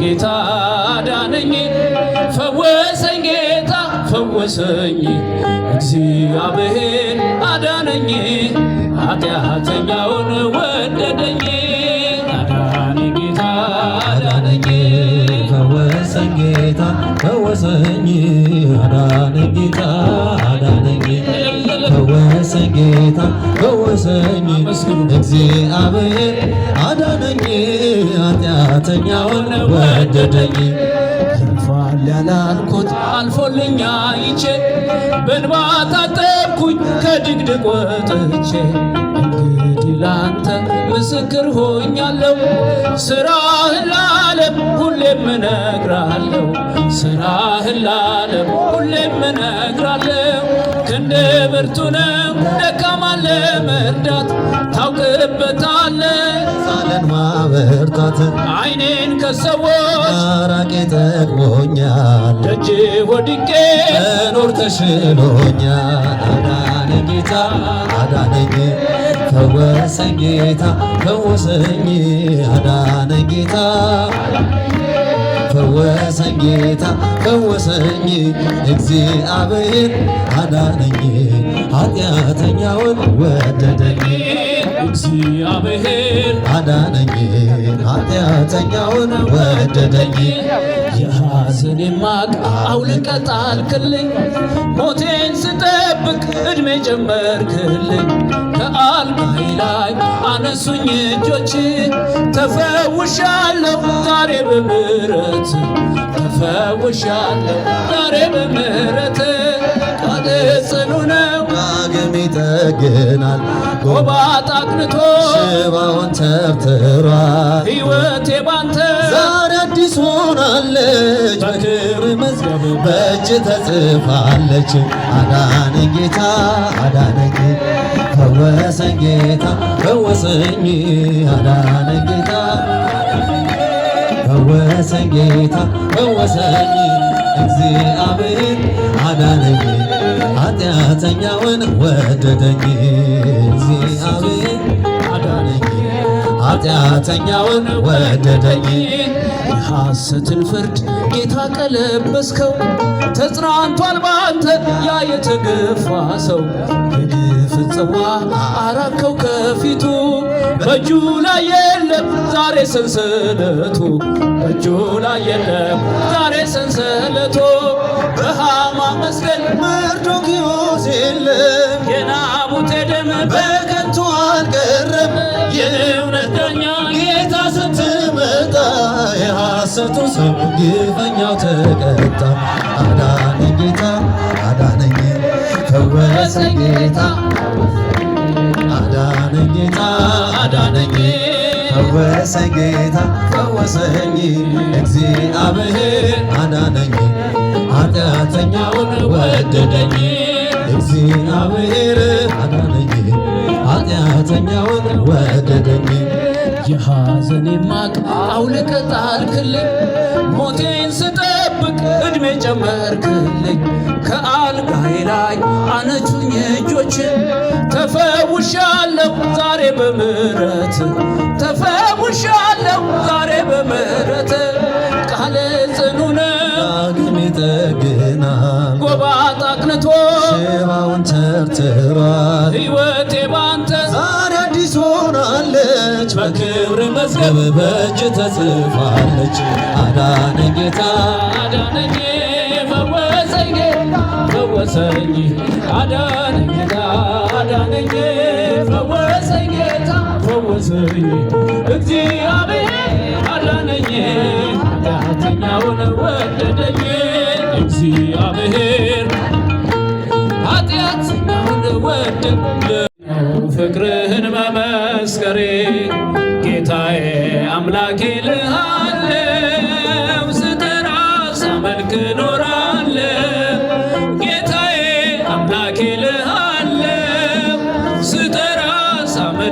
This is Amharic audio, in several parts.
ጌታ አዳነኝ፣ ፈወሰኝ ጌታ ፈወሰኝ፣ እግዚአብሔር አዳነኝ፣ ኃጢአተኛውን ወደደኝ። አዳነኝ ጌታ አዳነኝ፣ ፈወሰኝ ጌታ ፈወሰኝ፣ አዳነኝ ጌታ ወሰን ጌታ ወሰኝ እግዚአብሔር አዳነኝ ኃጢአተኛውን ወደደኝ አልፏል ያላልኩት አልፎልኛ አይቼ በእንባ ታጠብኩኝ ከድቅድቅ ወጥቼ እንግዲህ ላንተ ምስክር ሆኛለሁ ስራህን ላለም ሁሌም እነግራለሁ ስራህን ላለም ሁሌም እነግራለሁ ብርቱ ነው ደካማን መርዳት ታውቅበታለ ሳለን ማበርታት አይኔን ከሰዎች አራቄ ጠቅሞኛል ደጅ ወድቄ መኖር ተሽሎኛል አዳነ ጌታ አዳነኝ ፈወሰኝ ጌታ ፈወሰኝ አዳነ ጌታ ፈወሰኝ ጌታ ፈወሰኝ እግዚአብሔር አዳነኝ ኃጢአተኛውን ወደደኝ እግዚአብሔር አዳነኝ፣ ኃጢአተኛውን ወደደኝ። የሐዘኔ ማቅ አውልቀ ጣልክልኝ፣ ሞቴን ስጠብቅ እድሜ ጨመርክልኝ። ከአልጋዬ ላይ አነሱኝ እጆች፣ ተፈውሻለሁ ዛሬ በምሕረት ተፈውሻለሁ ዛሬ በምሕረት ቃል ጽኑ ነው ዳግም ይጠግናል። ጎባጣ አቅንቶ ሽባውን ተብትሯል። ሕይወቴ ባንተ ዛሬ አዲስ ሆናለች። በክብር መዝገብ በእጅ ተጽፋለች። አዳነ ጌታ አዳነ ፈወሰኝ ጌታ ፈወሰኝ አዳነ ጌታ ፈወሰኝ ጌታ ፈወሰኝ እግዚአብሔር አዳነኝ ኃጢአተኛውን ወደደኝ እግዚአብሔር አዳነኝ። ኃጢአተኛውን ወደደኝ የሐሰትን ፍርድ ጌታ ቀለበስከው። ተጽናንቷል ባንተ ያ የተገፋ ሰው ጽዋ አራከው ከፊቱ በእጁ ላይ የለም ዛሬ ሰንሰለቱ በእጁ ላይ የለም ዛሬ ሰንሰለቱ በሃማ መስቀል መርዶክዮስ የለም የናቡቴ ደም በከንቱ አልቀረም የእውነት ዳኛ ጌታ ስትመጣ የሐሰቱ ሰው ግፈኛው ተቀጣ አዳነ ጌታ ፈወሰ ጌታ አዳነኝ ጌታ አዳነኝ ፈወሰ ጌታ ፈወሰኝ እግዚአብሔር አዳነኝ ኃጢአተኛውን ወደደኝ እግዚአብሔር አዳነኝ ኃጢአተኛውን ወደደኝ የሐዘኔ ማቅ አውልቀህ ጣልክልኝ ሞቴን ስጠብቅ እድሜ ጨመርክልኝ በላይ ላይ አነቱኝ እጆች ተፈውሻለሁ ዛሬ በምረት ተፈውሻለሁ ዛሬ በምረት ቃል ጽኑ ነው ዳግም ጎባጣ አቅንቶ ሽባውን ተርትሯል ሕይወቴ ባንተ ዛሬ አዲስ ሆናለች በክብር መዝገብ በእጅ ተጽፋለች አዳነ ጌታ አዳነ ፈወሰኝ አዳነኝ ጌታ አዳነኝ ፈወሰኝ ጌታ ፈወሰኝ እግዚአብሔር አዳነኝ ኃጢአተኛውን ወደደኝ እግዚአብሔር ኃጢአተኛውን ወደደ ፍቅርህን መመስከሬ ጌታዬ አምላኬ ልሃ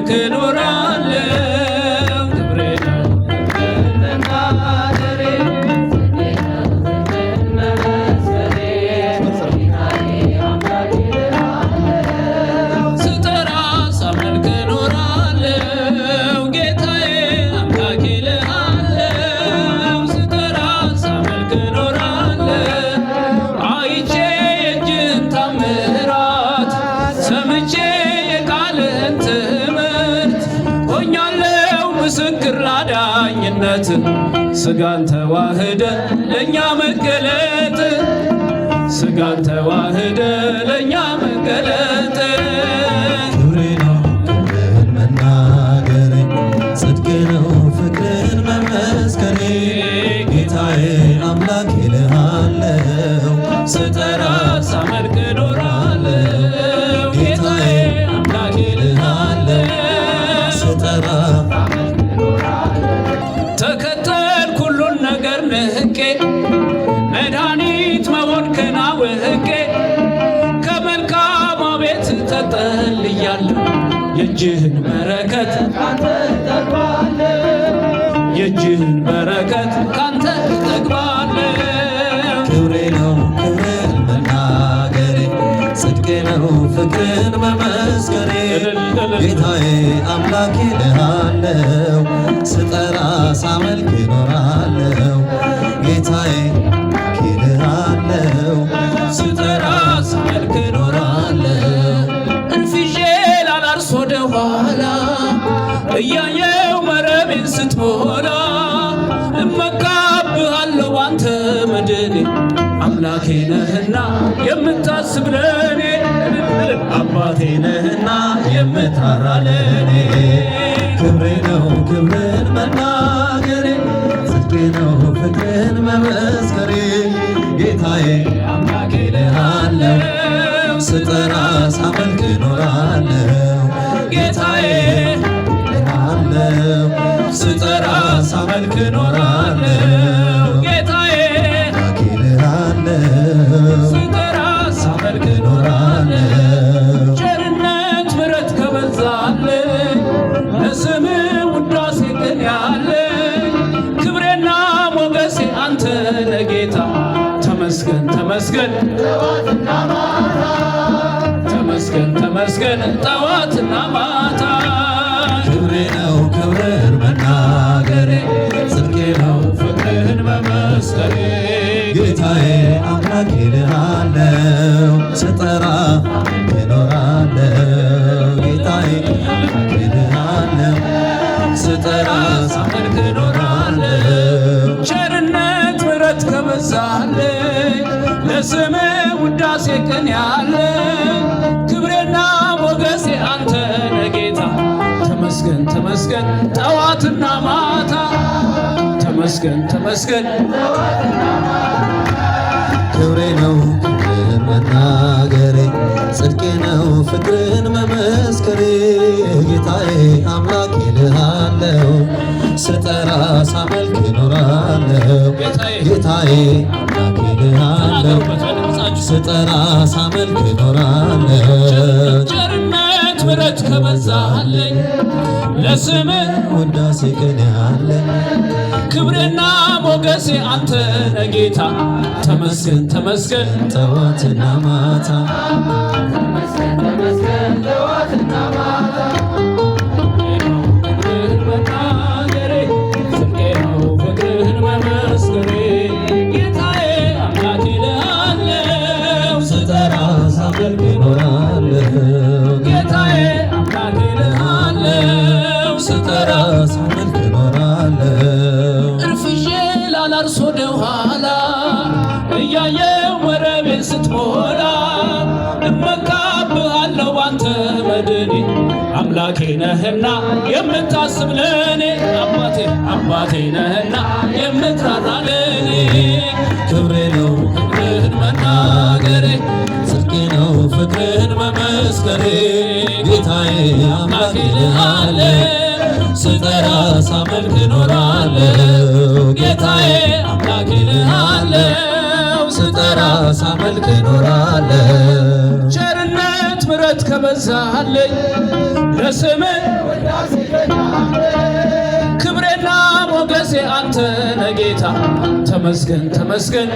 ክልል ክኑራ ምስክር ላዳኝነት ስጋን ተዋህደ ለእኛ መገለጥ ስጋን ተዋህደ ለእኛ መገለጥ ክብሬነው ክብርን መናገሬ ጽድቅ ነው ፍቅርን መመስከሬ ጌታዬ ስጠራ የእጅህን በረከት ካንተ ጠግባለ የእጅህን በረከት ካንተ ጠግባለ ክብሬ ነው ክብር መናገሬ ጽድቄ ነው ፍቅር መመስከሬ ጌታዬ አምላኬ ልሃለ አባቴ ነህና የምታራለኔ ላመስገን ጠዋትና ማታ ክብሬ ነው ክብርህን መናገሬ ጽድቄ ነው ፍቅርህን መመስከሬ ጌታዬ አምላኬ ልሃለው ስጠራ እኖራለው ጌታዬ ልሃለው ስጠራ ሳመልክ እኖራለው ቸርነት ምሕረት ከበዛልኝ ለስምህ ውዳሴ ቀን ያለ ተመስገን ተመስገን ክብሬ ነው ክብር መናገሬ ጽድቄ ነው ፍቅርን መመስከሬ ጌታዬ አምላክ ይልሃለው ስጠራ ሳመልክ ይኖራለው ጌታዬ አምላክ ይልሃለው ስጠራ ሳመልክ ይኖራለው ምሕረት ከበዛለኝ ለስም ውዳሴ ቅን ያለ ክብርና ሞገሴ አንተ ነጌታ ተመስገን ተመስገን ጠዋትና ማታ አምላኬ ነህና የምታስብ ለኔ አባቴ አባቴ ነህና የምትራራ ለኔ ክብሬ ነው ፍቅርህን መናገሬ ጽድቄ ነው ፍቅርህን መመስከሬ ጌታዬ አምላኬ ልሃለ ስጠራ ሳመልክ እኖራለሁ ጌታዬ አምላኬ ልሃለው ስጠራ ሳመልክ እኖራለሁ ቸርነት ምረት ከበዛሃለኝ ለስም ክብሬና ሞገሴ አንተ ነህ ጌታ ተመስገን ተመስገን